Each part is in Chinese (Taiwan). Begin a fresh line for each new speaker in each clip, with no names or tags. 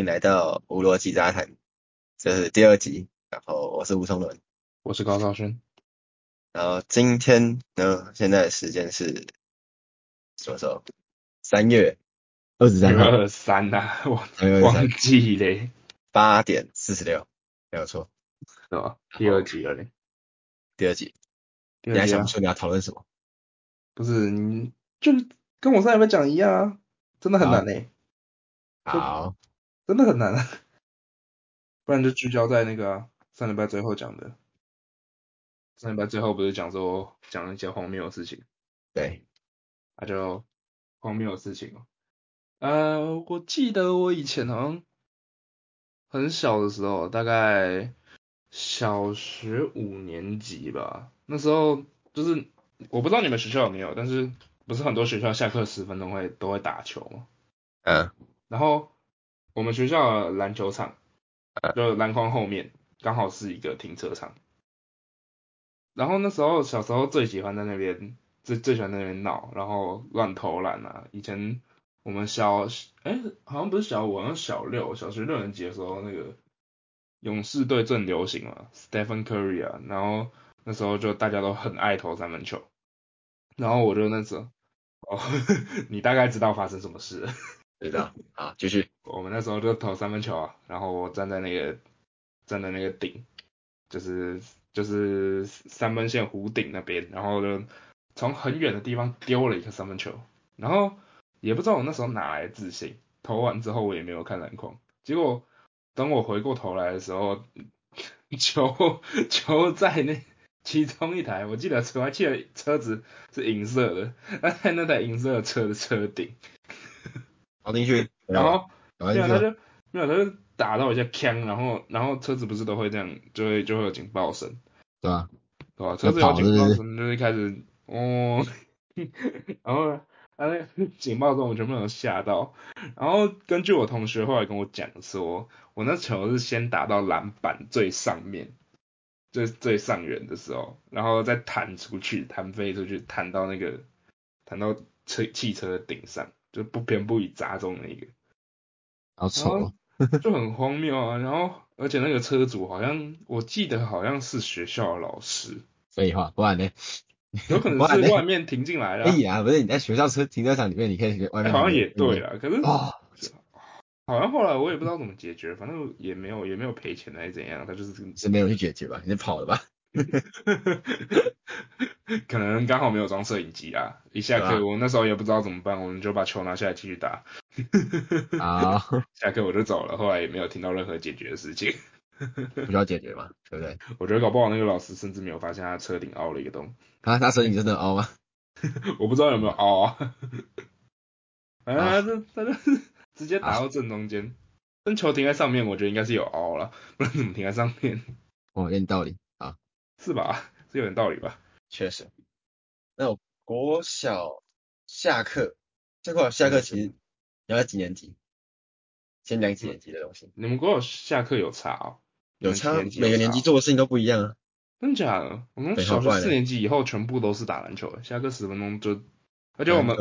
歡迎來到無邏輯雜談，這、就是第二集，然後我是吳松倫，我是高昭勳，然後今天呢，現在的時間是什麼時候？三月二十三，二十三吶，我忘記嘞，八點四十六，沒有錯，是第二集了嘞，第二集，
你還想不
出你要討論什麼？不是，你就跟我上一次講一樣啊，
真的很難嘞，好、oh. 就。Oh. 真的很難、啊、不然就聚焦在那個、啊、三禮拜最後講的，三禮拜最後不是講說講一些荒謬的事情，對，那、啊、就荒謬的事情。呃，我記得我以前好像很小的時候，大概小學五年級吧，那時候就是我不知道你們學校有沒有，但是不是很多學校下課十分鐘會都會打球嗎？嗯，啊、然後。我們學校的籃球場，就籃筐後面剛好是一個停車場。然後那時候小時候最喜歡在那邊，最最喜歡在那邊鬧，然後亂投籃啊。以前我們小，誒好像不是小五，好像小六，小學六年級的時候，那個勇士隊正流行嘛，Stephen Curry 啊。然後那時候就大家都很愛投三分球。然後我就那時候，哦呵呵，你大概知道發生什麼事了。對的，啊、嗯，好，繼續。我們那時候就投三分球啊，然後我站在那個站在那個頂，就是就是三分線弧頂那邊，然後就從很遠的地方丟了一個三分球，然後也不知道我那時候哪來自信，投完之後我也沒有看籃筐，結果等我回過頭來的時候，球球在那其中一台，我記得車，我記得車子是銀色的，在那台那台銀色的車的車頂。跑進去，啊、然後、啊、沒有他就沒有他就打到一下槍，然後然後車子不是都會這樣，就會就會有警報聲，嗎對啊，對吧？車子有警報聲，是是就是開始哦， 然後啊警報聲我全部都嚇到，然後根據我同學後來跟我講說，我那球是先打到籃板最上面最最上緣的時候，然後再彈出去，彈飛出去，彈到那個彈到車汽車的頂上。就不偏不倚砸中了一個，
好醜、
哦，就很荒謬啊！然後，而且那個車主好像，我記得好像是學校老師。
廢話，不然呢？有
可能是外面停進來了。哎呀不、
啊、不是你在學校車停車場裡面，你可以外面面、欸、好像也對了，可是啊，
哦、好像後來我也不知道怎麼解決，反正也沒有也沒有賠錢還是怎樣，他就是
是沒有去解決吧，你就跑了吧。 可能剛好沒
有裝攝影機啊。一下課，嗎我那時候也不知道怎麼辦，我們就把球拿下來繼續打。好、 oh. 下課我就走了，後來也沒有聽到任何解決的事情。
不知 道解
決嗎？對不對？我覺得搞不好那個老師甚至沒有發現他車頂凹了一個洞。
啊，他車頂真的凹嗎？
我不知道有沒有凹啊 啊啊。啊，這他這直接打到正中間，那、oh. 球停在上面，我覺得應該是有凹了， 不然怎麼停在上面？
哦，有道理。是吧？是有點道理吧？確實。那我，國小下課，下課下課其實聊到幾年級？先講幾年級的東西。你們國小下課有差哦？有差，有差，每個年級做的事情都不一樣
啊。真的假的？我們小學四年級以後全部都是打籃球的，的下課十分鐘就。而且我們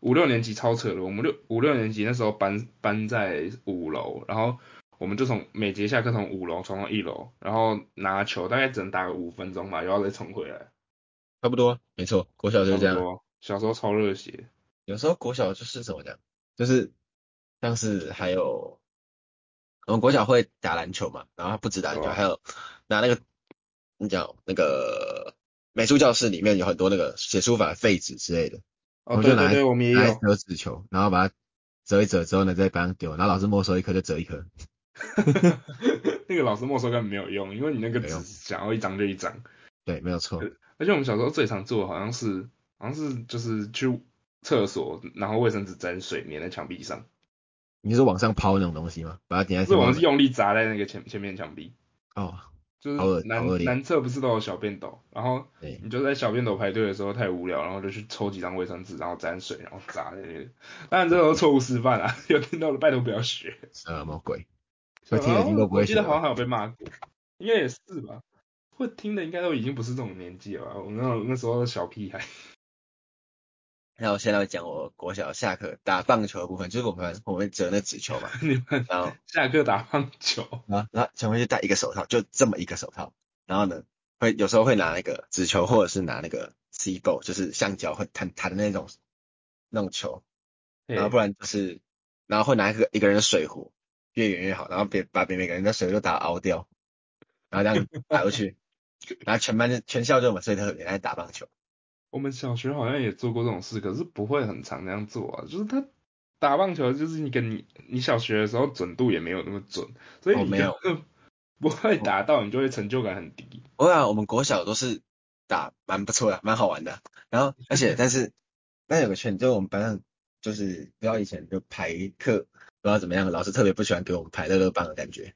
五六年級超扯的，我們六五六年級那時候搬搬在五樓，然後。我們就從每節下課從五樓衝到一樓，然後拿球，大概只能打個五分鐘吧，然後再衝回來。差不多，
沒錯，國小就是這樣。差不多，小時候超熱血，有時候國小就是怎麼講，就是像是還有我們國小會打籃球嘛，然後不止打籃球，哦、還有拿那個你講那個美術教室裡面有很多那個寫書法廢紙之類的，哦，拿對，對，對，我們也有紙球，然後把它折一折之後呢，再把它丟，然後老師沒收一顆就折一顆。
那個老師沒收根本沒有用，因為你那個紙想要一張就一張。對，沒有錯。而且我們小時候最常做的好像是，好像是就是去廁所，然後衛生紙沾水粘在牆壁上。
你是往上拋那種東西嗎？把它粘上是，我們是
用力砸在那個前前面牆壁。哦，就是男男廁不是都有小便斗，然後你就在小便斗排隊的時候太無聊，然後就去抽幾張衛生紙，然後沾水，然後砸那些。當然這都錯誤示範啊， 有聽到的拜託不要學。什麼鬼？
聽的應該不會、啊哦。我記得好像
還有被罵過，應該也是吧。會聽的應該都已經不是這種年紀了吧？我那那時候小屁孩。
那我現在講我國小下課打棒球的部分，就是我們我們折的紙球嘛。你們然後下課打棒球啊？然後前面就戴一個手套，就這麼一個手套。然後呢，會有時候會拿那個紙球，或者是拿那個 C ball 就是橡膠會彈彈的那種那種球。然後不然就是，欸、然後會拿一個一個人的水壺。越遠越好，然後別把別人的水就打凹掉，然後這樣打過去， 然後全班就全校就我們最特別在打棒球。我們
小學好像也做過這種事，可是不會很常這樣做啊。就是他打棒球，就是你跟你你小學的時候準度也沒有那麼準，所以你沒有不會打到
你就會成就感很低。我想、哦、我們國小都是打蠻不錯的，蠻好玩的。然後而且 但是那有個圈，就是我們班上就是不要以前就排課。不知道怎麼樣，老師特別不喜歡給我們拍樂樂棒的感覺，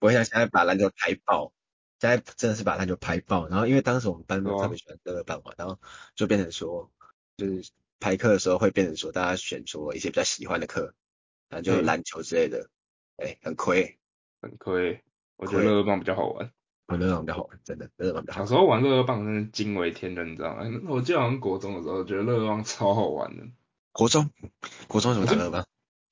我會想現在把籃球拍爆，現在真的是把籃球拍爆。然後因為當時我們班都特別喜歡樂樂棒嘛，哇然後就變成說，就是排課的時候會變成說大家選出一些比較喜歡的課，然後就籃球之類的，哎、嗯欸，很虧，很虧。我覺得樂樂棒比較
好玩，我覺得樂樂棒比較好玩，真的，樂樂棒比較好玩。小時候玩樂樂棒真的驚為天人，你知道嗎？我記得好像國中的時候，我覺得樂樂棒超好玩的。國中，國中什麼玩樂樂棒？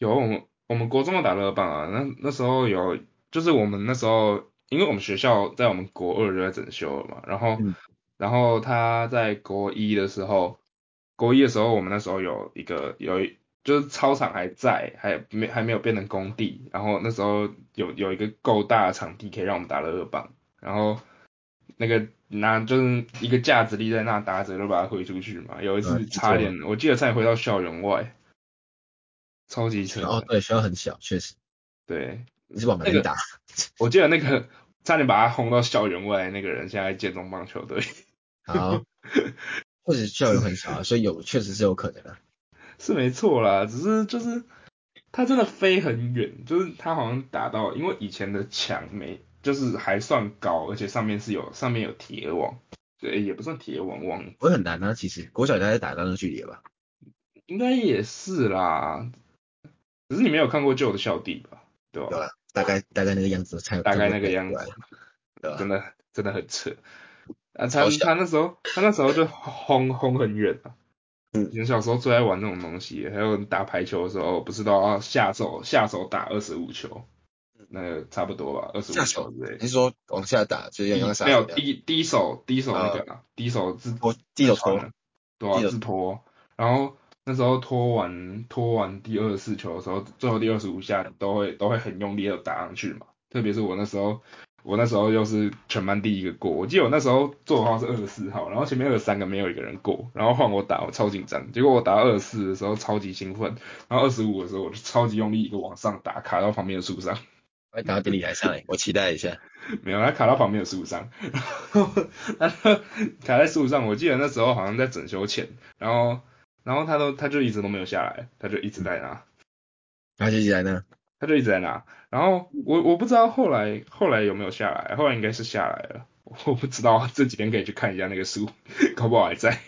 有我們，我們國中的打樂樂棒啊。那那時候有，就是我們那時候，因為我們學校在我們國二就在整修了嘛。然後，嗯、然後他在國一的時候，國一的時候，我們那時候有一個有一，就是操場還在，還、還沒還沒有變成工地。然後那時候有有一個夠大的場地可以讓我們打樂樂棒。然後那個拿就是一個架子立在那，打着就把它揮出去嘛。有一次差點，啊、記錯了，我記得差點回到校園外。超級小
哦，對，學校很小，確實。
對，你是往門裡打，那個。我記得那個差點把他轟到校園外那個人，現在，在建中棒球隊。好，或者 校園很小，所以有確 實是有可能，啊。是沒錯啦，只是就是他真的飛很遠，就是他好像打到，因為以前的牆沒，就是還算高，而且上面是有上面有鐵網，對，也不算鐵網網，
不會很難啊。其實國小應該在打到那個距離了吧？
應該也是啦。可是你沒有看過舊的校地吧？對,啊、對吧？大概,、啊、大概大概那個樣子，大概那個樣子。真的真的很扯。啊，他像他那時候他那時候就轟轟很遠啊。嗯。我小時候最愛玩這種東西，還有打排球的時候，不知道下手下手打二十五球？那個、差不多吧，二十五球之類。下手哎，你說往下打就樣？D, 沒有，低低手低手那個低低手是拖，低手拖，對、啊，是拖，然後。那時候拖完拖完，第二十四球的時候，最後第二十五下都會都會很用力的打上去嘛。特別是我那時候，我那時候又是全班第一個過。我記得我那時候座號是二十四號，然後前面有三個沒有一個人過，然後換我打，我超緊張。結果我打到二十四的時候超級興奮，然後二十五的時候我就超級用力一個往上打，卡到旁邊的樹上。快打到頂你來上來， 我期待一下。沒有，他卡到旁邊的樹上，然 後卡在樹上。我記得那時候好像在整修前，然後。然後他都，他就一直都沒有下來，他就一直在那。
他就一直在那。
他就一直在那。然後我我不知道後來後來有沒有下來，後來應該是下來了，我不知道這幾天可以去看一下那個書，搞不好還在。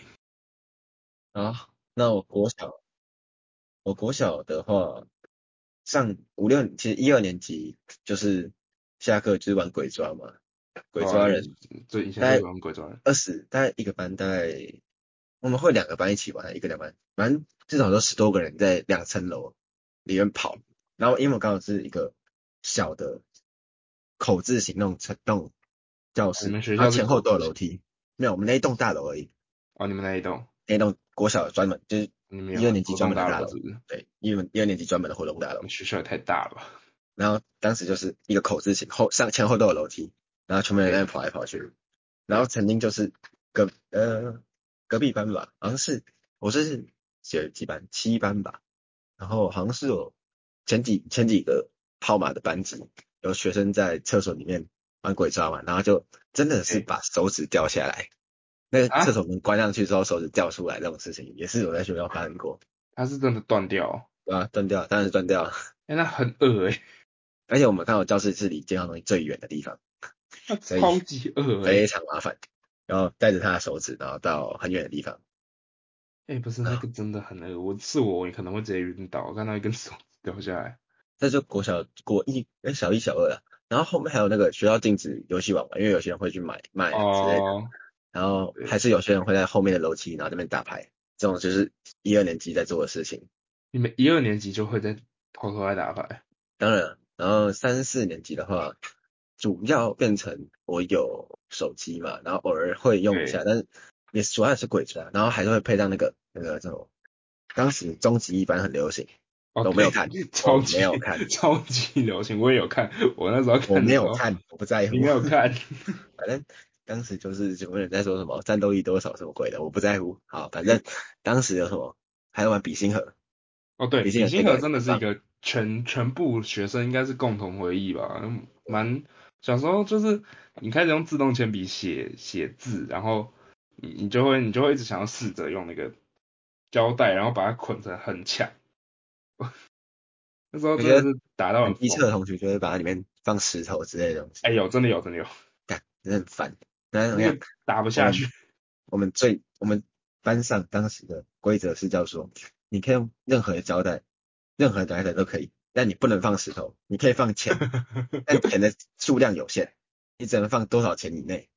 啊，那我國小，我國小的話，上五六，其實一二年級就是下課就是玩鬼抓嘛，鬼抓人。
最近下課玩鬼抓人。
二十，大概一個班大概。我們會兩個班一起玩，一個兩班，反正至少都十多個人在兩層樓裡面跑。然後因為我剛好是一個小的口字形那種棟教室，然後前後都有樓梯。是沒有，我們那一棟大樓而已。哦，你們那一棟，那一棟國小的專門就是一二年級專門的大樓，對，一二一二年級專門的活動大樓。你們學校也太大了吧。然後當時就是一個口字形，後上前後都有樓梯，然後全部人在跑來跑去。對然後曾經就是跟呃。隔壁班吧，好像是我是幾幾班七班吧，然後好像是有前幾前幾個號碼的班級有學生在廁所裡面玩鬼抓嘛，然後就真的是把手指掉下來，Okay. 那個廁所門關上去之後手指掉出來這種事情、啊、也是我在學校發生過。他是真的斷掉、哦？對啊，斷掉，當然是斷掉了。哎、欸，那很噁哎、欸，而且我們看到教室是離健康東西最遠的地方，超級惡、欸、非常麻煩。然後帶着他的手指，然後到很遠的地方。
哎、欸，不是、哦、那個真的很那個，我是我，我也可能會直接暈倒。我看到一根手指掉
下來。在這國小國一誒、欸、小一小二了，然後後面還有那個學校禁止遊戲玩玩，因為有些人會去買買、哦、之類的。然後還是有些人會在後面的樓梯，然後在那邊打牌，這種就是一二年級在做的事情。你們一二年級就會在窗口外打牌？當然了然後三四年級的話。主要變成我有手機嘛，然後偶爾會用一下，對但是也是主要是鬼抓，然後還是會配上那個那個叫什麼？當時終極一班很流行，都沒有看，哦、超級好看，超級流行，我也有看，我那時候肯定有看，我沒有看，我不在乎，你沒有看。反正當時就是有人在說什麼戰鬥力多少什麼鬼的，我不在乎。好，反正當時有什麼還玩比心盒，哦對，比心盒、欸、真的是一個
全全部學生應該是共同回憶吧，蠻。小時候就是你開始用自動鉛筆寫寫字，然後你你就會你就會一直想要試着用那個膠帶，然後把它捆成很強。
那時候就是打到一側的同學就會把它裡面放石頭之類的東西。哎、欸、有真的有真的有，幹，真的很煩，然後你看打不下去。我，我們最我們班上當時的規則是叫說，你可以用任何的膠帶，任何的膠帶都可以。但你不能放石頭，你可以放錢， 但錢的數量有限，你只能放多少錢以內，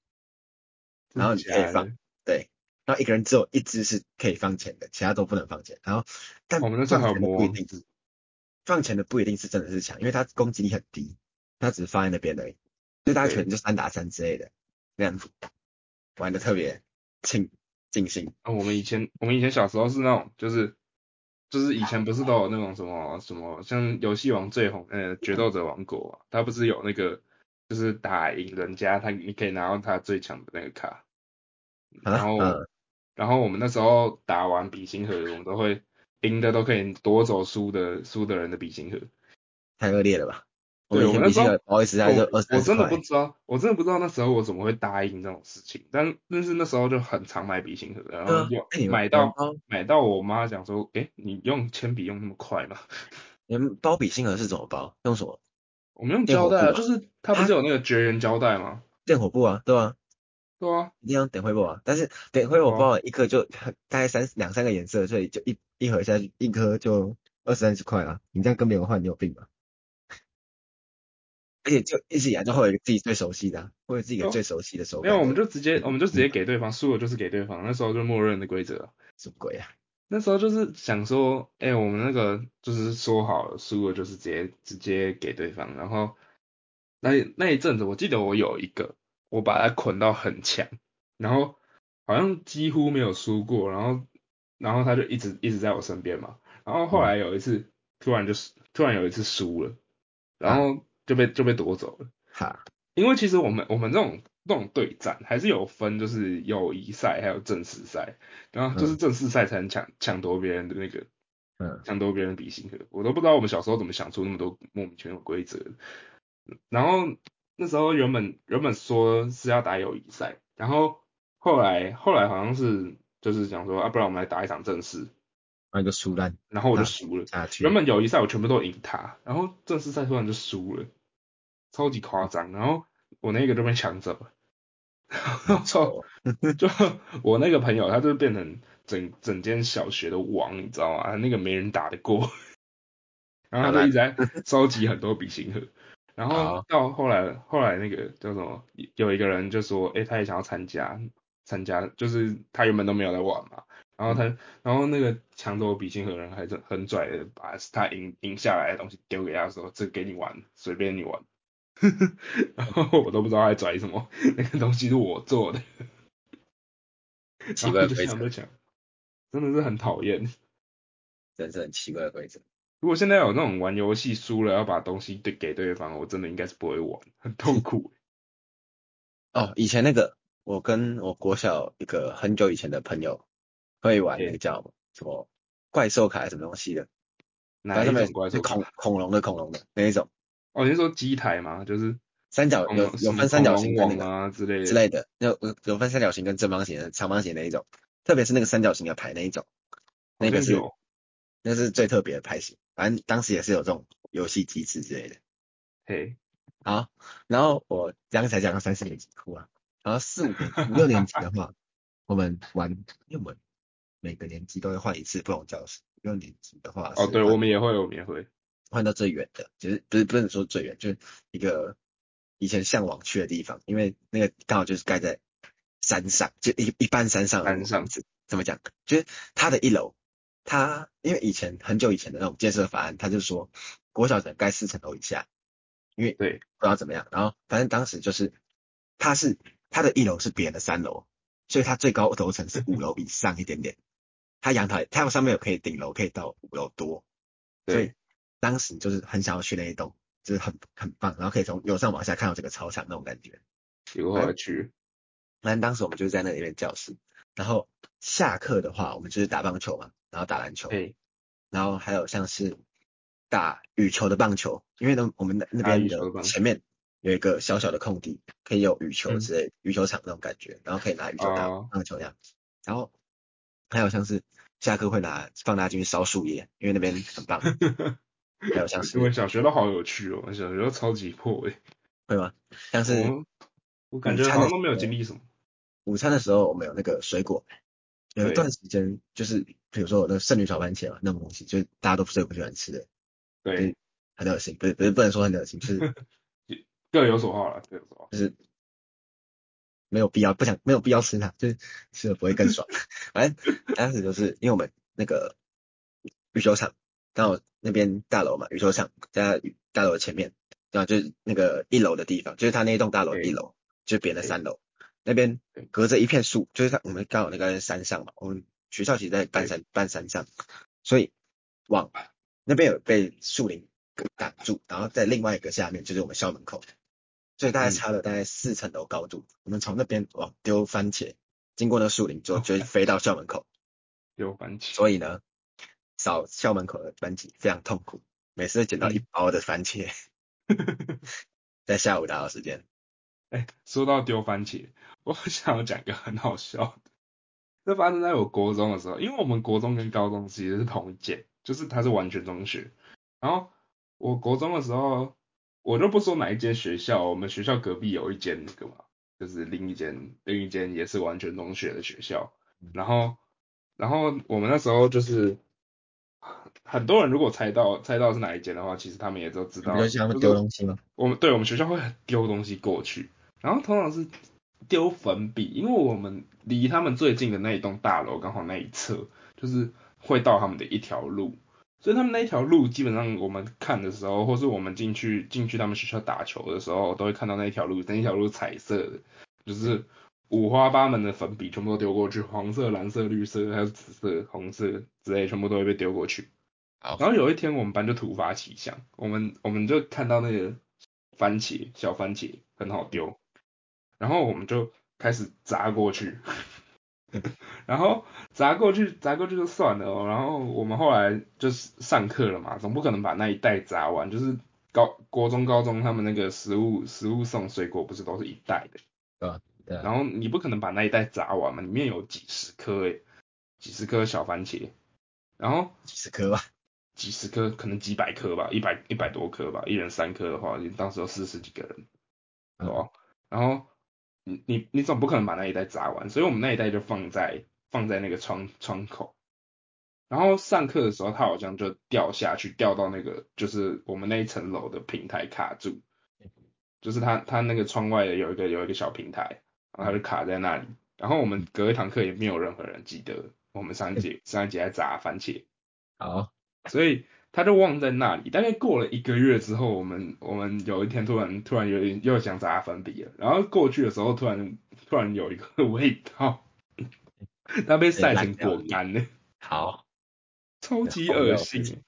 然後你可以放，對，然後一個人只有一只是可以放錢的，其他都不能放錢。然後，但我們的不一定是，哦、放,錢放錢的不一定是真的是強，因為他攻擊力很低，他只是放在那邊而已，對所以大家可能就三打三之類的，那樣玩的特別盡盡興。啊、哦，我們
以前我們以前小時候是那種就是。就是以前不是都有那種什麼什麼，像遊戲王最紅，呃決鬥者王國、啊，他不是有那個就是打贏人家，他你可以拿到他最強的那個卡，然後、啊啊、然後我們那時候打完筆芯盒，我們都會贏的都可以奪走輸的輸的人的筆芯
盒，太惡劣了吧？對，我們對我們我、欸、真的不知
道，我真的不知道那時候我怎麼會答應這種事情。但、嗯、但是那時候就很常買筆芯盒，嗯、然後買到、嗯、買到我媽講說：“誒、欸，你用鉛筆用那麼快嗎？你們
包筆芯盒是怎麼包？用什麼？”我們用膠帶，啊，就是它不是有那個絕緣膠帶嗎、啊？電火布啊，對啊，對啊，一定要電火布啊。但是電火布、啊啊、包了一顆就大概三兩三個顏色，所以就一一盒下去一顆就二三十塊啊。你這樣跟別人換，你有病吧？而且就一直以來都會有自己最熟悉的，會有自己最熟悉的手、哦。
沒有，我們就直接，嗯、我們就直接給對方輸、嗯、了就是給對方，那時候就默認的規則。什麼鬼啊？那時候就是想說，哎、欸，我們那個就是說好了，輸了就是直接直接給對方。然後那那一陣子，我記得我有一個，我把它捆到很強，然後好像幾乎沒有輸過。然後然後他就一直一直在我身邊嘛。然後後來有一次、嗯、突然就突然有一次輸了，然後。啊就被就被奪走了。哈，因為其實我們我們這種這種對戰還是有分，就是友誼賽還有正式賽，然後就是正式賽才能搶搶奪別人的那個，嗯，搶奪別人的筆芯。我都不知道我們小時候怎麼想出那麼多莫名其妙的規則。然後那時候原本原本說是要打友誼賽，然後後來後來好像是就是想說啊，不然我們來打一場正式。
那個輸了，然後我就輸
了。啊、原本友誼賽我全部都贏他，啊、然後正式賽突然就輸了，超級誇張。然後我那個都被搶走了。我操、嗯！ 就我那個朋友，他就變成整 整，整間小學的王，你知道嗎？那個沒人打得過。然後他就一直在收集很多筆芯盒。然後到後來，好後來那個叫什麼？有一個人就說：“誒，他也想要參加，參加就是他原本都沒有來玩嘛。”然後他，嗯、然後那個搶走我筆芯的人還是很拽的，把他贏贏下來的東西丟給他的時候，說：“這給你玩，隨便你玩。 ”然後我都不知道他拽什麼，那個東西是我做的，奇怪的規則就搶就搶，真的是很討厭，真的是很奇怪的規則。如果現在有那種玩
遊戲輸了要把東西給給對方，我真的應該是不會玩，很痛苦。 哦，以前那個我跟我國小一個很久以前的朋友。會玩那個叫什麼怪獸卡還是什麼東西的？哪一種怪獸？恐恐龍的恐龍的那一種？哦，你是說機台嗎？就是三角有有分三角形跟那之類的之類的，有有分三角形跟正方形的、長方形的那一種，特別是那個三角形的牌那一種，那個是那個、是最特別的牌型。反正當時也是有這種遊戲機制之類的。嘿，好，然後我剛才講到三四年級哭、啊，然後四五五六年級的話， 我們玩熱門。每個年級都會換一次不同教室。不同年級的話的，哦，對，我們也會有年會，換到最遠的，就是不是不是說最遠，就是一個以前嚮往去的地方，因為那個剛好就是蓋在山上，就一一般山，山上。山上怎麼講？就是它的一樓，它因為以前很久以前的那種建設法案，他就說國小只能蓋四層樓以下，因為對不知道怎麼樣，對然後反正當時就是它是它的一樓是別人的三樓，所以它最高樓層是五樓以上一點點。 他陽台，它上面有可以頂樓，可以到五樓多。對。所以當時就是很想要去那一棟，就是很很棒，然後可以從樓上往下看到這個操場那種感覺。挺有趣。那當時我們就是在那裡面教室，然後下課的話，我們就是打棒球嘛，然後打籃球。對。然後還有像是打羽球的棒球，因為呢，我們那那邊的前面有一個小小的空地，可以有羽球之類、嗯、羽球場那種感覺，然後可以拿羽球打棒球這樣子。然後。還有像是下課會拿放大鏡去燒樹葉，因為那邊很棒。 還有像是 因為小學都好有趣哦，小學都超級破誒。會嗎？像是我，我感覺我常都沒有經歷什麼午。午餐的時候我們有那個水果，對有一段時間就是比如說我的剩女小番茄嘛，那種東西，就是大家都不是不喜歡吃的。對，是很噁心，不是不是，不，是不能說很噁心，就是
各有所好啦，各有
所好。就是。沒有必要，不想沒有必要吃它，就是吃了不會更爽。 反正當時就是因為我們那個羽球場，剛好那邊大樓嘛，羽球場在大樓的前面，然後就是那個一樓的地方，就是他那一棟大樓一樓，就是別人的三樓。對那邊隔着一片樹，就是他我們剛好那個山上嘛，我們學校其實在半山半對山上，所以往那邊有被樹林擋住，然後在另外一個下面就是我們校門口。所以大概差了大概四層樓高度，嗯、我們從那邊哦丟番茄，經過那樹林，就直接飛到校門口丟、okay. 番茄。所以呢，掃校門口的番茄非常痛苦，每次撿到一包的番茄。 在下午打掃時間，誒、欸、說
到丟番茄，我好想要講一個很好笑的， 這發生在我國中的時候，因為我們國中跟高中其實是同一間，就是它是完全中學。然後我國中的時候。我就不說哪一間學校，我們學校隔壁有一間那個嘛，就是另一間，另一間也是完全中學的學校。然後，然後我們那時候就是很多人如果猜到猜到是哪一間的話，其實他們也都知道。他們丟東西嗎？我們，對，我們學校會丟東西過去，然後通常是丟粉筆，因為我們離他們最近的那一棟大樓剛好那一側就是會到他們的一條路。所以他們那一條路，基本上我們看的時候，或是我們進去進去他們學校打球的時候，都會看到那一條路，那一條路彩色的，就是五花八門的粉筆全部都丟過去，黃色、藍色、綠色還有紫色、紅色之類，全部都會被丟過去。好然後有一天我們班就突發奇想，我們我們就看到那個番茄小番茄很好丟，然後我們就開始砸過去。 然後砸過去，砸過去就算了、哦。然後我們後來就是上課了嘛，總不可能把那一袋砸完。就是高國中、高中他們那個食物、食物送水果，不是都是一袋的？對、oh, yeah. 然後你不可能把那一袋砸完嘛，裡面有幾十顆哎，幾十顆小番茄，然後幾十顆吧，幾十顆，可能幾百顆吧，一百一百多顆吧，一人三顆的話，你到時候四十幾個人，哦，oh. 然後。你你你總不可能把那一袋砸完，所以我們那一袋就放在放在那個窗窗口，然後上課的時候，它好像就掉下去，掉到那個就是我們那一層樓的平台卡住，就是它它那個窗外的有一個有一個小平台，然後它就卡在那裡。然後我們隔一堂課也沒有任何人記得我們上一節上一節在砸番茄，好，所以。他就忘在那裡，大概過了一個月之後，我們我們有一天突然突然有點又想砸粉筆了，然後過去的時候突然突然有一個味道， 他被曬成果乾、欸、了，好，超級噁心，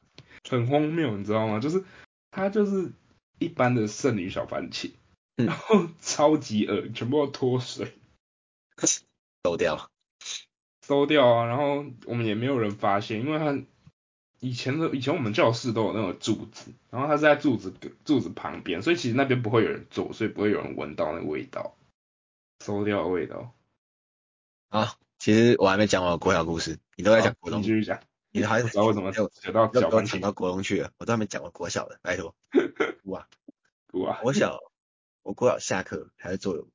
很荒謬，你知道嗎？就是他就是一般的剩女小番茄，嗯、然後超級噁，全部都脫水，收掉，收掉啊，然後我們也沒有人發現，因為他。以前的以前我們教室都有那個柱子，然後它是在柱子柱子旁邊，所以其實那邊不會有人坐，所以不會有人聞到那個味道，
餿掉的味道。啊，其實我還沒講完國小故事，你都在講國中，啊、你繼續講，你還是不知道我怎麼扯到講到國中去了。我都還沒講過國小的，拜託。哇 哇，國、啊、小，我國小下課還是做有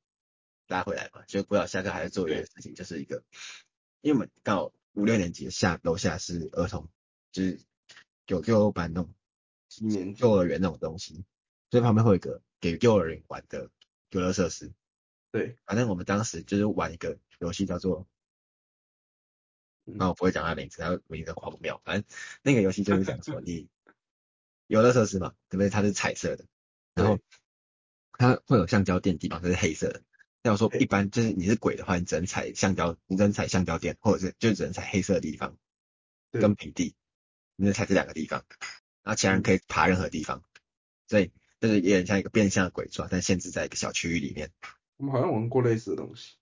拉回來嘛，就是國小下課還是做一件事情，就是一個，對因為我們剛好五六年級下樓下是兒童。就是九幼兒班那種，今年幼兒園那種東西，嗯、所以旁邊會有一個給幼兒園玩的遊樂設施。對，反正我們當時就是玩一個遊戲叫做，那、嗯、我不會講它名字，它字一個狂妙，反正那個遊戲就是講說你遊樂設施嘛，對不對？它是彩色的，然後它會有橡膠墊地方它是黑色的。要說一般就是你是鬼的話，你只能踩橡膠，你只能踩橡膠墊，或者是就只能踩黑色的地方，跟平地。你就才這兩個地方，然後其他人可以爬任何地方，嗯、所以就是有點像一個變相的鬼抓，但限制在一個小區域裡面。我們好像玩過類似的東西，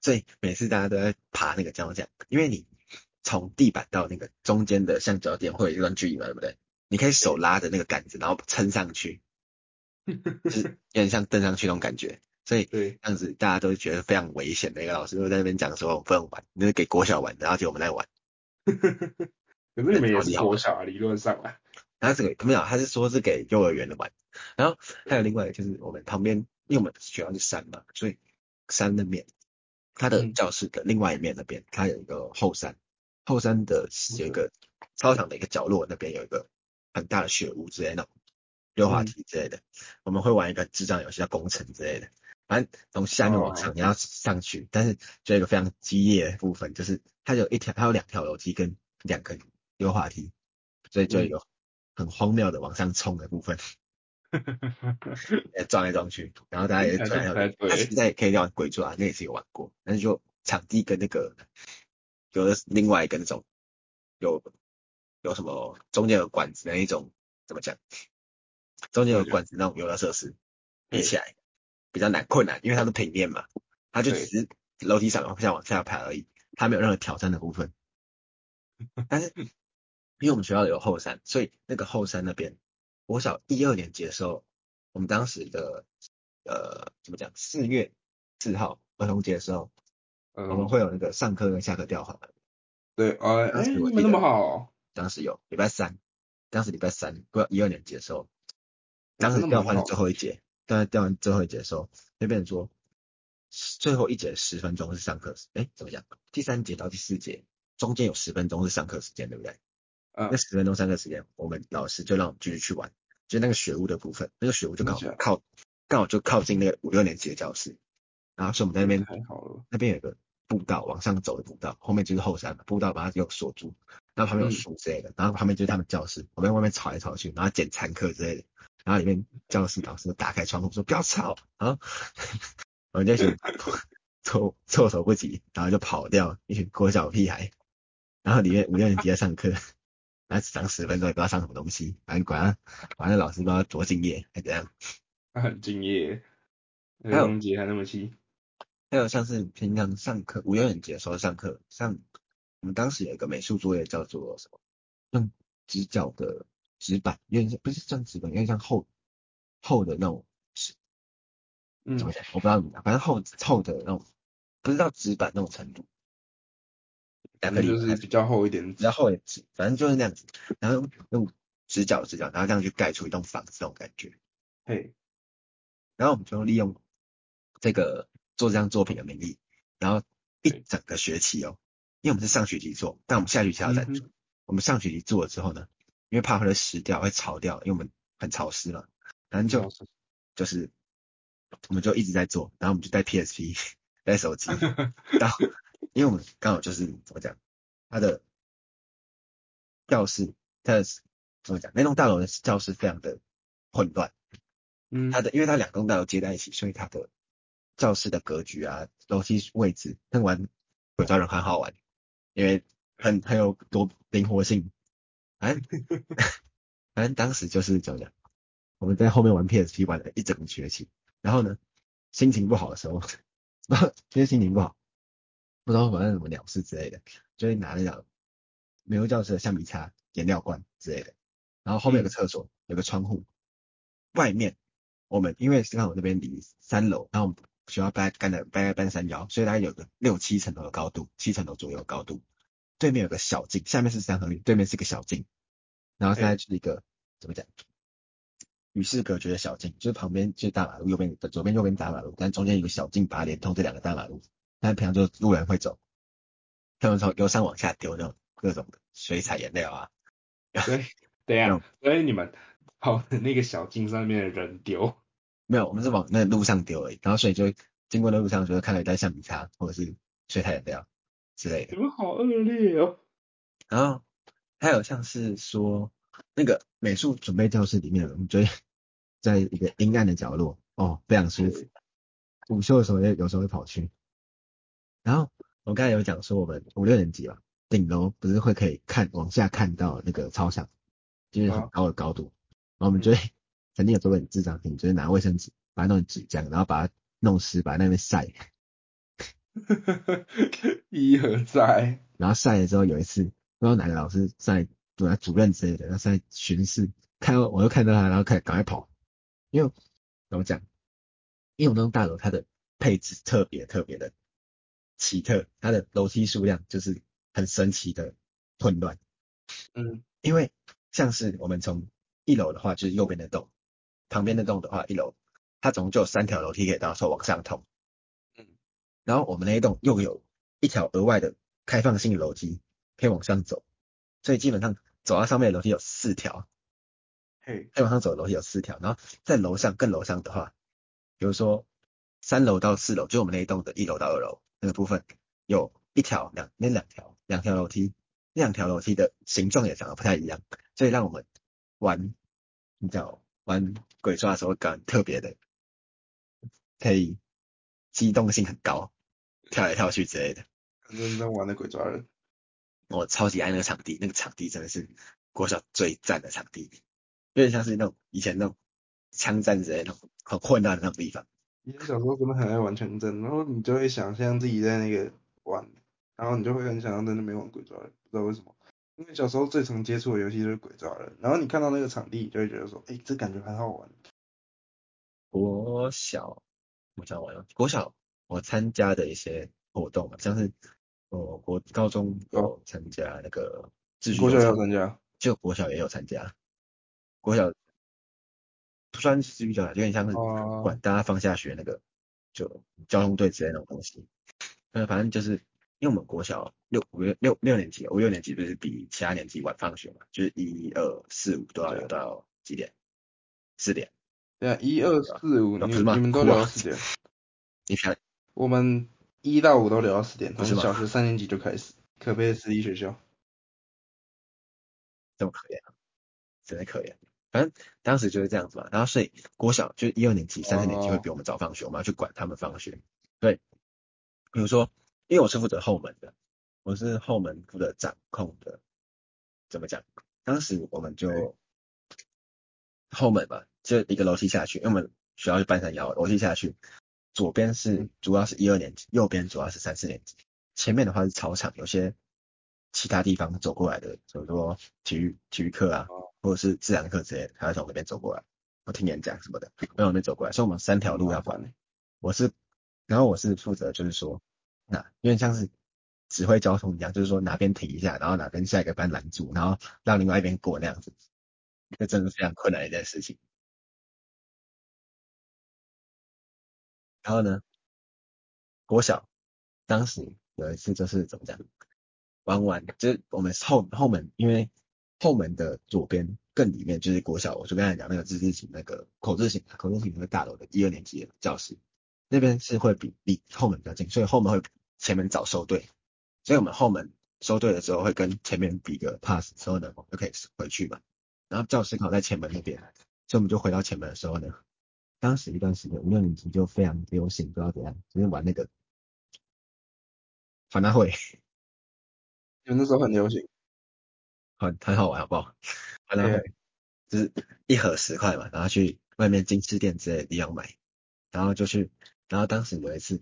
所以每次大家都在爬那個講台，因為你從地板到那個中間的橡膠墊會有一段距離嘛，對不對？你可以手拉着那個桿子，然後撐上去，就對是有點像登上去那種感覺。所以對這樣子大家都覺得非常危險。每個老師都在那邊講說我們不能玩，那、就是給國小玩，然後就我們來玩。 有沒有那個國際學啊？理論上啊，他是這個沒有，他是說是給幼兒園的玩。然後還有另外一個，就是我們旁邊，因為我們學校是山嘛，所以山那面，它的教室的另外一面那邊，它有一個後山，後山的是有一個操場的一個角落，那邊有一個很大的雪屋之類的，溜滑梯之類的。我們會玩一個智障遊戲叫攻城之類的，反正從下面往上你要上去，哦啊、但是就有一個非常激烈的部分，就是它有一條，它有兩條樓梯跟兩根。這個話題，所以就有個很荒謬的往上衝的部分，哈 撞來撞去，然後大家也撞，現對在也可以叫鬼抓啊，那也是有玩過，但是就場地跟那個有的另外一個那種有有什麼中間有管子的那一種怎麼講，中間有管子那種遊樂設施比對起來比較難困難，因為它的平面嘛，它就只是樓梯上往下爬而已，它沒有任何挑戰的部分，但是。 因為我們學校有後山，所以那個後山那邊，我小一二年級的時候，我們當時的呃怎麼講？四月四號兒童節的時候，嗯、我們會有那個上課跟下課調換。對哎，哎，你們那麼好，當時有禮拜三，當時禮拜三，過了一二年級的時候，當時調換最後一節，大概調完最後一節的時候，那邊人說最後一節十分鐘是上課時，哎、欸，怎麼講？第三節到第四節中間有十分鐘是上課時間，對不對？嗯、那十分鐘上課時間，我們老師，就讓我們繼續去玩，就是那個學屋的部分，那個學屋就剛好靠，剛好就靠近那個五六年級的教室，然後所以我們在那邊，好，那邊有個步道，往上走的步道，後面就是後山，步道把它給我鎖住，然後旁邊有樹之類的，然後旁邊就是他們教室，我們在外面吵來吵去，然後撿殘課之類的，然後裡面教室老師就打開窗戶說不要吵啊，然後我們就一起措措手不及，然後就跑掉一群國小屁孩，然後裡面五六年級在上課。 只上十分鐘也不知道上什麼東西，反正管他，反正老師不知道多敬業還怎樣。他很敬業，還有還那麼細，還有像是平常上課，我節的時候上課上，像我們當時有一個美術作業叫做什麼？用、嗯、直角的紙板，因為不是像紙板，因為像厚厚的那種紙，麼嗯，我不知道怎麼講，反正厚厚的那種，不知道紙板那種程度。就是比較厚一點，比較厚一點，反正就是那樣子。然後用直角、直角，然後這樣去蓋出一棟房子這種感覺。對嘿。然後我們就利用這個做這張作品的能力。然後一整個學期哦、喔，嘿因為我們是上學期做，但我們下學期要再做。嗯、哼我們上學期做了之後呢，因為怕會濕掉、會潮掉，因為我們很潮濕了。反正就、嗯、就是我們就一直在做，然後我們就帶 PSP 帶手機， 然後。 因為我們剛好就是怎麼講，他的教室，他的怎麼講，那棟大樓的教室非常的混亂。嗯，他的因為他兩棟大樓接在一起，所以他的教室的格局啊，樓梯位置，玩鬼抓人很好玩，因為很很有多靈活性。反正 反正當時就是怎麼講，我們在後面玩 PSP 玩了一整個學期，然後呢，心情不好的時候，啊，今天心情不好。不知道，反正什麼鳥事之類的，就會拿那種美術教室的橡皮擦、顏料罐之類的。然後後面有個廁所，有個窗戶。嗯、外面我們因為是看我這邊離三樓，然後我們學校搬干了搬在搬在半山腰，所以大概有個六七層樓的高度，七層樓左右的高度。對面有個小徑，下面是三合院，對面是個小徑。然後現在就是一個怎麼講，與世隔絕的小徑，就是旁邊就是大馬路，右邊左邊右邊大馬路，但中間有個小徑把它連通這兩個大馬路。但平常就路人會走，他們從由上往下丟那種各種的水彩顏料啊，對，對啊，所以有你們跑的那個小徑上面的人丟，沒有，我們是往那路上丟而已。然後所以就經過那路上，就會看到一袋橡皮擦或者是水彩顏料之類的。你們好惡劣哦！然後還有像是說，那個美術準備教室裡面，我們就在一個陰暗的角落哦，非常舒服。對午休的時候也有時候會跑去。然後我剛才有講說，我們五六年級吧，頂樓不是會可以看往下看到那個操場，就是很高的高度。啊、然後我們就會曾經有做過很智障的事，就會拿衛生紙把那種紙漿，然後把它弄濕，把它那邊曬。
一何哉？
然後曬了之後，有一次不知道哪個老師在，主任之類的，然後在巡視，看我又看到他，然後開始趕快跑，因為怎麼講？因為那棟大樓它的配置特別特別的。奇特，它的樓梯數量就是很神奇的混亂，嗯，因為像是我們從一樓的話，就是右邊那棟，旁邊那棟的話，一樓，它總共就有三條樓梯可以到時候往上通，嗯，然後我們那一棟又有，一條額外的開放性樓梯可以往上走，所以基本上走到上面的樓梯有四條，嘿，再往上走的樓梯有四條，然後在樓上更樓上的話，比如說三樓到四樓，就我們那一棟的一樓到二樓。那個部分有一條、兩那兩條兩條樓梯，那兩條樓梯的形狀也長得不太一樣，所以讓我們玩，你知道，玩鬼抓的時候感特別的，可以機動性很高，跳來跳去之類的。剛剛玩的鬼抓人？我超級愛那個場地，那個場地真的是國小最讚的場地，有點像是那種以前那種槍戰之類的那種很困難的那種地方。
你小時候真的很愛玩城鎮，然後你就會想象自己在那個玩，然後你就會很想象在那邊玩鬼抓人，不知道為什麼，因為小時候最常接觸的遊戲就是鬼抓人，然後你看到那個場地你就會覺得說，誒、欸，這感
覺還好玩。國小，我想玩國小，我參加的一些活動嘛，像是我國高中有參加那個秩序有，國小要參加，就國小也有參加。國小。算是比較，就有點像是管大家放下學那個，uh, 就交通隊之類的那種東西。嗯，反正就是因為我們國小六不六六年級，五六年級不是比其他年級晚放學嘛，就是一二四五都要留到幾點？四點。對啊，一二四五，你們你們都留到四點？你看，
我們一到五都留到四點，從小學三年級就開始，可悲的私立學校。
這麼可憐啊，真的可憐。反正當時就是這樣子嘛，然後所以國小就是、一二年級、三四年級會比我們早放學，我們要去管他們放學。對，比如說，因為我是負責後門的，我是後門負責掌控的。怎麼講？當時我們就對後門嘛，就一個樓梯下去，因為我們學校是半山腰，樓梯下去，左邊是主要是一二年級，右邊主要是三四年級，前面的話是操場，有些其他地方走過來的，比如說體育體育課啊。或者是自然課之類的，他要從那邊走過來，不聽人講什麼的，不要從那邊走過來，所以我們三條路要管。嗯、我是，然後我是負責就是說，那、啊、因為像是指揮交通一樣，就是說哪邊停一下，然後哪邊下一個班攔住，然後讓另外一邊過那樣子，這真的是非常困難一件事情。然後呢，國小，當時有一次就是怎麼講，玩玩就我們後後門因為。後門的左邊更裡面就是國小，我就剛才講那個之字型那個口字型、啊、口字型那個大樓的一二年級的教室，那邊是會比比後門比較近，所以後門會比前門早收隊，所以我們後門收隊的時候會跟前面比個 pass，之後呢我們就可以回去嘛。然後教室靠在前門那邊，所以我們就回到前門的時候呢，當時一段時間五六年級就非常流行，不知道怎樣，直接玩那個反大會因為、嗯、那時候很流行。很很好玩，好不好？然後 Yeah. 就是一盒十塊嘛，然後去外面金翅店之類的地方買，然後就去，然後當時有一次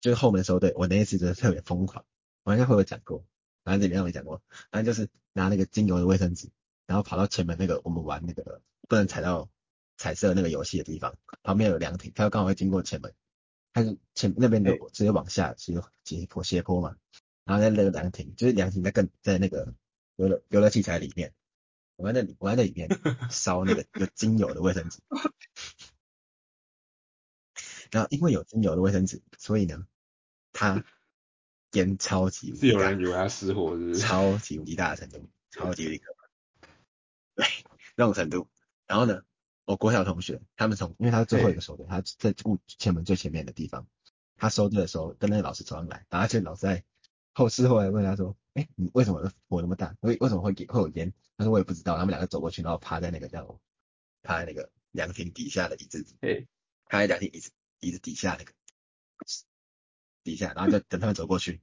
就是後門收隊，我那一次真的特別瘋狂，我應該會有講過，反正裡面樣我講過，反正就是拿那個精油的衛生紙，然後跑到前門那個我們玩那個不能踩到彩色那個遊戲的地方，旁邊有涼亭，他剛好會經過前門，他就前那邊就直接往下是一個斜坡斜坡嘛，然後在那個涼亭，就是涼亭在更在那個。遊樂遊樂器材裡面，我在那裡，我在那裡面燒那個有精油的衛生紙， 然後因為有精油的衛生紙，所以呢，它煙超級無敵是有人有他失火是不是超級極大的程度，超級一個 對，那種程度。然後呢，我國小同學他們從，因為他最後一個收隊，對他在屋前門最前面的地方，他收隊的時候跟那個老師走上來、來，然後這老師在後事後來問他說。哎、欸，你為什麼火那麼大？為為什麼會給會有煙？但是我也不知道。他們兩個走過去，然後趴在那個叫趴在那個涼亭底下的椅子，對、欸，趴在涼亭椅子椅子底下那個底下，然後就等他們走過去，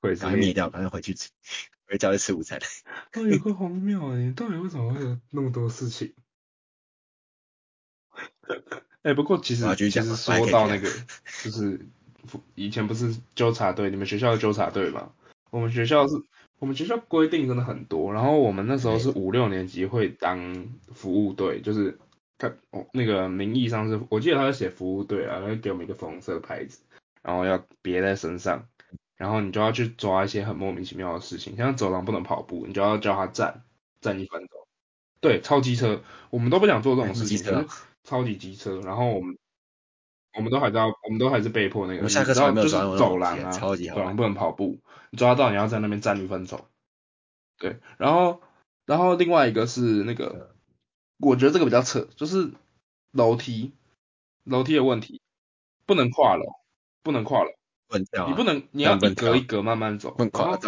會是，然後滅掉，然後回去吃、欸。回去回家就吃午餐。
到底荒謬啊！你到底為什麼會有那麼多事情？哎、欸，不過其實啊，其實說到那個，就是以前不是糾察隊，你們學校的糾察隊嗎？我們學校是我們學校規定真的很多，然後我們那時候是五六年級會當服務隊，就是他哦那個名義上是我記得他在寫服務隊啊，他會給我們一個粉紅色牌子，然後要別在身上，然後你就要去抓一些很莫名其妙的事情，像走廊不能跑步，你就要叫他站站一分鐘，對，超機車，我們都不想做這種事情，欸、超級機車，然後我們。我們都還在，我們都還是被迫那個，我下你知道就是走廊啊，超級好玩，走廊不能跑步，你抓到你要在那邊站一分鐘。對，然後，然後另外一個是那個，嗯、我覺得這個比較扯，就是樓梯，樓梯的問題，不能跨樓，不能跨樓，啊、你不能，你要一格一格慢慢走。不能跨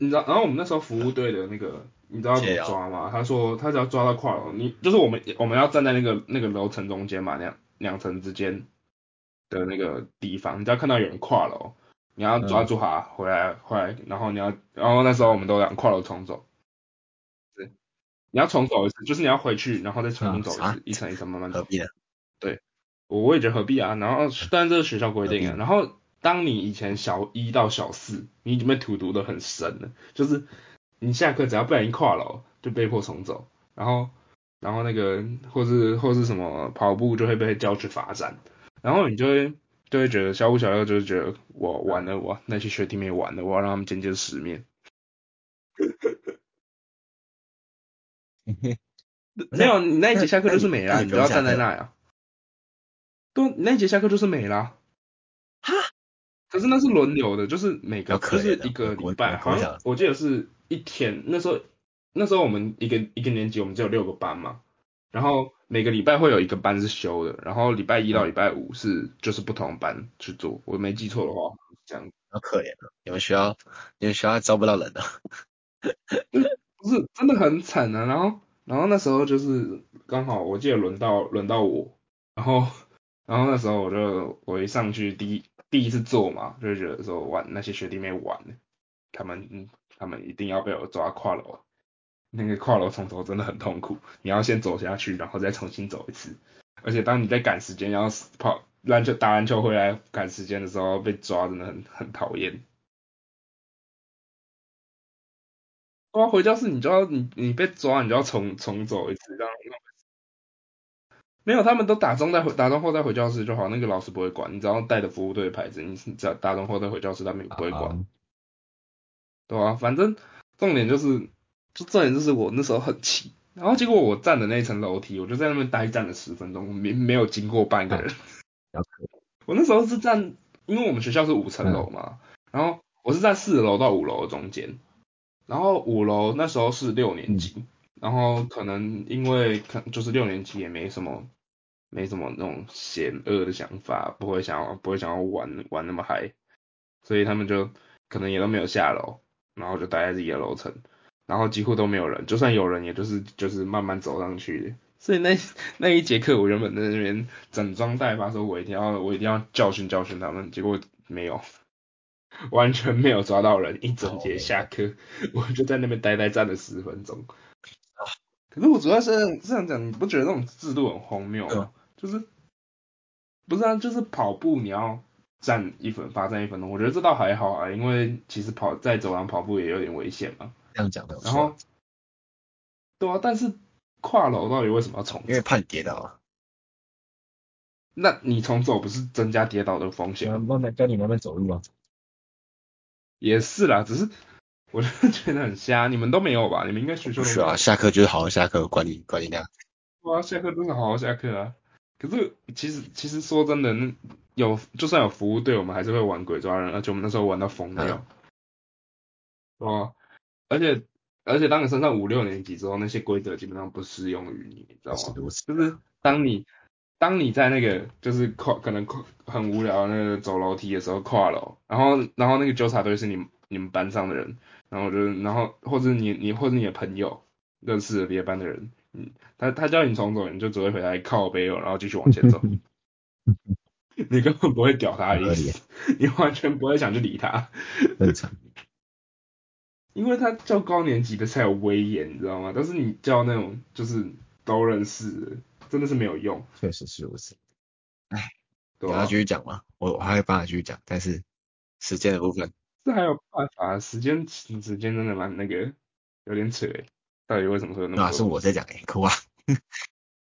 你知道，然後我們那時候服務隊的那個，嗯、你知道怎麼抓嗎？他說，他只要抓到跨樓，你就是我們，我們要站在那個那個樓層中間嘛，兩兩層之間。的那個地方，你只要看到有人跨樓，你要抓住他回來，回來，然後你要，然後那時候我們都想跨樓重走，對，你要重走一次，就是你要回去，然後再重新走一次，啊、一層一層慢慢走。何必啊、對，我我也覺得何必啊。然後，但是這是學校規定啊。然後，當你以前小一到小四，你已經被荼毒得很深了，就是你下課只要不然一跨樓，就被迫重走，然後，然後那個，或是或是什麼跑步就會被叫去罰站。然後你就會就會覺得小五小六，就是覺得我玩了，我那些學弟妹玩了，我要讓他們見見世面。
沒有，你那一節下課就是沒了， 你不要站在那啊。 都，那一節下課就是沒了。哈？
可是那是輪流的，就是每個就是一個禮拜，國好像我記得是一天。那時候那時候我們一個一個年級我們只有六個班嘛。然後每個禮拜會有一個班是休的，然後禮拜一到禮拜五是就是不同班去做。我沒記錯的話，這樣。
好可憐啊！你們學校，你們學校招不到人啊、 嗯。
不是，真的很慘啊！然後，然後那時候就是剛好我記得輪到輪到我，然後，然後那時候我就我一上去第一第一次做嘛，就會覺得說玩那些學弟妹玩，他們他們一定要被我抓跨了喔。那個跨樓重走真的很痛苦，你要先走下去，然後再重新走一次。而且當你在趕時間，然後跑籃球打籃球回來趕時間的時候被抓，
真的很很討厭。對、啊、回教室你就要你你被抓你就要重重走一次，這樣。
沒有，他們都打中再打中後再回教室就好，那個老師不會管，你只要帶着服務隊的牌子，你只要打中後再回教室，他們不會管。對啊，反正重點就是，就重點就是我那時候很氣，然後結果我站的那層樓梯，我就在那邊呆站了十分鐘，我沒沒有經過半個人。 我那時候是站，因為我們學校是五層樓嘛，然後我是在四樓到五樓的中間，然後五樓那時候是六年級，嗯、然後可能因為可就是六年級也沒什麼，沒什麼那種險惡的想法，不會想要不會想要玩玩那麼嗨，所以他們就可能也都沒有下樓，然後就待在自己的樓層。然後幾乎都沒有人，就算有人，也就是就是慢慢走上去的。所以那那一節課，我原本在那邊整裝待發，說我一定要我一定要教訓教訓他們，結果沒有，完全沒有抓到人。一整節下課，我就在那邊呆呆站了十分鐘。可是我主要是這樣講，你不覺得那種制度很荒謬嗎？就是不是啊？就是跑步你要站一分，罰站一分鐘，我覺得這倒還好啊，因為其實跑，在走廊跑步也有點危險嘛。這樣講的，然後，吧對啊，但是跨樓到底為什麼要重置？因為怕你跌倒啊。那你重走不是增加跌倒的風險？慢慢，該你慢慢走路啊。也是啦，只是我就覺得很瞎。你們都沒有吧？你們應該學
學。不學啊，下課就是好好下課，管你管你那
樣。對啊，下課就是好好下課啊。可是其實其實說真的，有就算有服務隊，我們還是會玩鬼抓人，而且我們那時候玩到瘋掉。哦有。對啊而且而且，而且當你升到五六年級之後，那些規則基本上不適用於你，你知道嗎？就是當你當你在那個就是跨可能很無聊的那個走樓梯的時候跨樓，然後然後那個糾察隊是你們你們班上的人，然後就是然後或者你你或你的朋友認識別班的人，嗯，他他叫你重走，你就只會回來靠背哦，然後繼續往前走。 你根本不會屌他而已，你完全不會想去理他。因為他叫高年級的才有威嚴，你知道嗎？但是你叫那種就是都認識，真的是沒有用。確實是如此。
哎，你要繼續講嗎？我，我還有辦法繼續講，但是時間的部分。
這還有辦法、啊啊？時間時間真的蠻那個，有點扯哎。到底為什麼會有那麼多？那、啊、是我在講哎、
欸，哭啊！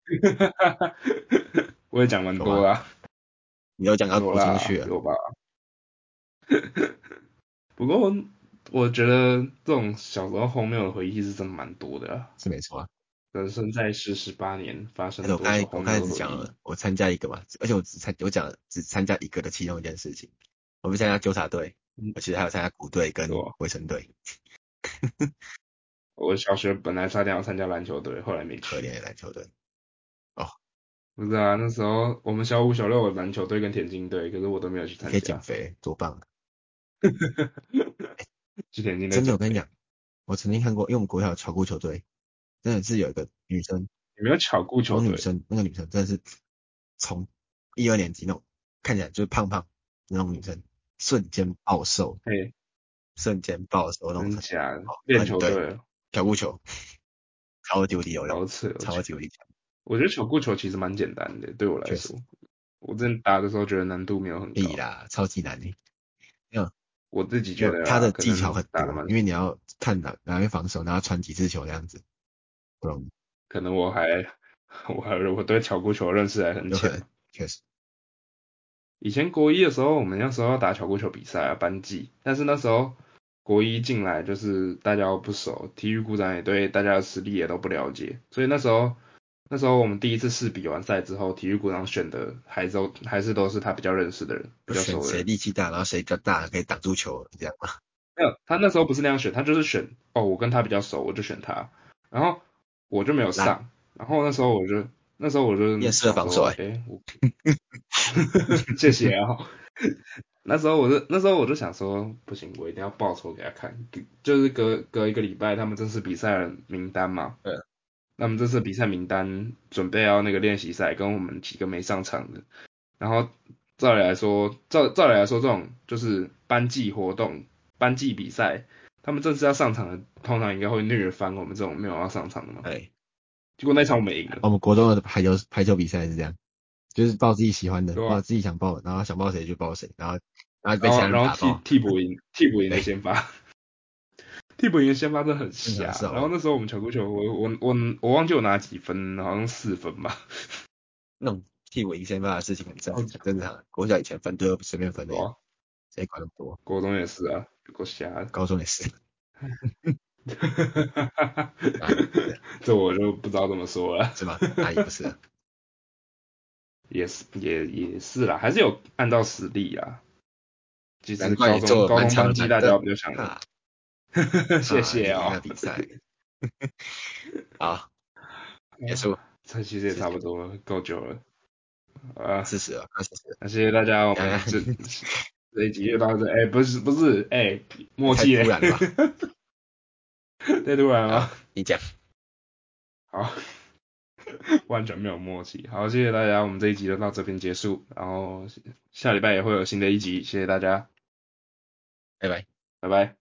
我也講蠻多、啊、有啦，你
講要講到不進去有，有吧？
不過。我覺得這種小時候荒謬的回
憶是真的蠻多的。啊，是沒錯啊。人生在世十八年，發生的多荒謬回、啊、我剛才，才只講了，我參加一個嘛，而且我只參我講只參加一個的其中一件事情。我們參加糾察隊，其實、嗯、還有參加鼓隊跟衛生隊。
嗯、 我小學本來差點要參加籃球隊，後來沒去。可憐的籃球隊。哦，不是啊，那時候我們小五、小六有籃球隊跟田徑隊，可是我都沒有去參加。可以減肥，多棒！
呵呵呵哈哈。之前真的，我跟你講，我曾經看過，因為我們國小有巧固球隊，真的是有一個女生，有沒有巧固球女生，那個女生真的是從一二年級那種看起來就是胖胖那種女生，瞬間暴瘦，嘿瞬間暴瘦那種。練假、哦、球隊，嗯、巧固球，超無敵有，超級超無敵強。我覺得巧固球其實蠻簡
單的，對我來說，實我真的打的時候覺得難度沒有很高。可以啦，
超級難的。我自己覺得他的技巧很多嘛，因為你要看哪哪邊防守，然後傳幾次球這樣子。不容易，
可能我還我還我對巧固球認識還很淺，確實。以前國一的時候，我們那時候要打巧固球比賽啊，班級。但是那時候國一進來就是大家都不熟，體育股長也對大家的實力也都不了解，所以那時候。那時候我們第一次試比完賽之後，體育股長選的還都還是都是他比較認識的人，
比較熟人不選誰力氣大，然後誰比
較大可以擋住球，這樣，沒有，他那時候不是那樣選，他就是選哦，我跟他比較熟，我就選他，然後我就沒有上，啦然後那時候我就那時候我就也是防守哎，謝謝啊，那時候我就那時候我就想說，不行，我一定要報仇給他看，就是隔隔一個禮拜，他們正式比賽名單嘛，嗯他們這次的比賽名單準備要那個練習賽，跟我們幾個沒上場的。然後照理來說，照照理來說，這種就是班級活動、班級比賽，他們這次要上場的，通常應該會虐翻我們這種沒有要上場的嘛。對、欸。結果那場我們
我們國中的排球排球比賽是這樣，就是報自己喜歡的，報、啊、自己想報，然後想報誰就報誰，然後然後被其他人打爆，然後替
替補贏，替補贏的先發。替補原先發生很瞎，然後那時候我們搶孤球，我我我我忘記我拿幾分，好像四分吧。那
種替補先發的事情很正常，正常。國小以前分都隨便分的，誰管那麼多？高中也是啊，國高中也是。
這我就不知道怎麼說了，是嗎？也不是，也是也也是啦，還是有按照實力啊。難怪高中的，大家比較強。 謝謝哦，啊、比賽，
好，
結束、嗯，這其實也差不多了，夠謝久了，了了啊，四十了，那四十，那謝謝大家，我們這 這一集又到這，哎、欸，不是不是，哎、欸，默契，太突然了，太 突然了，你講，好，完全沒有默契，好，謝謝大家，我們這一集就到這邊結束，然後下禮拜也會有新的一集，謝謝大家，拜拜，拜拜。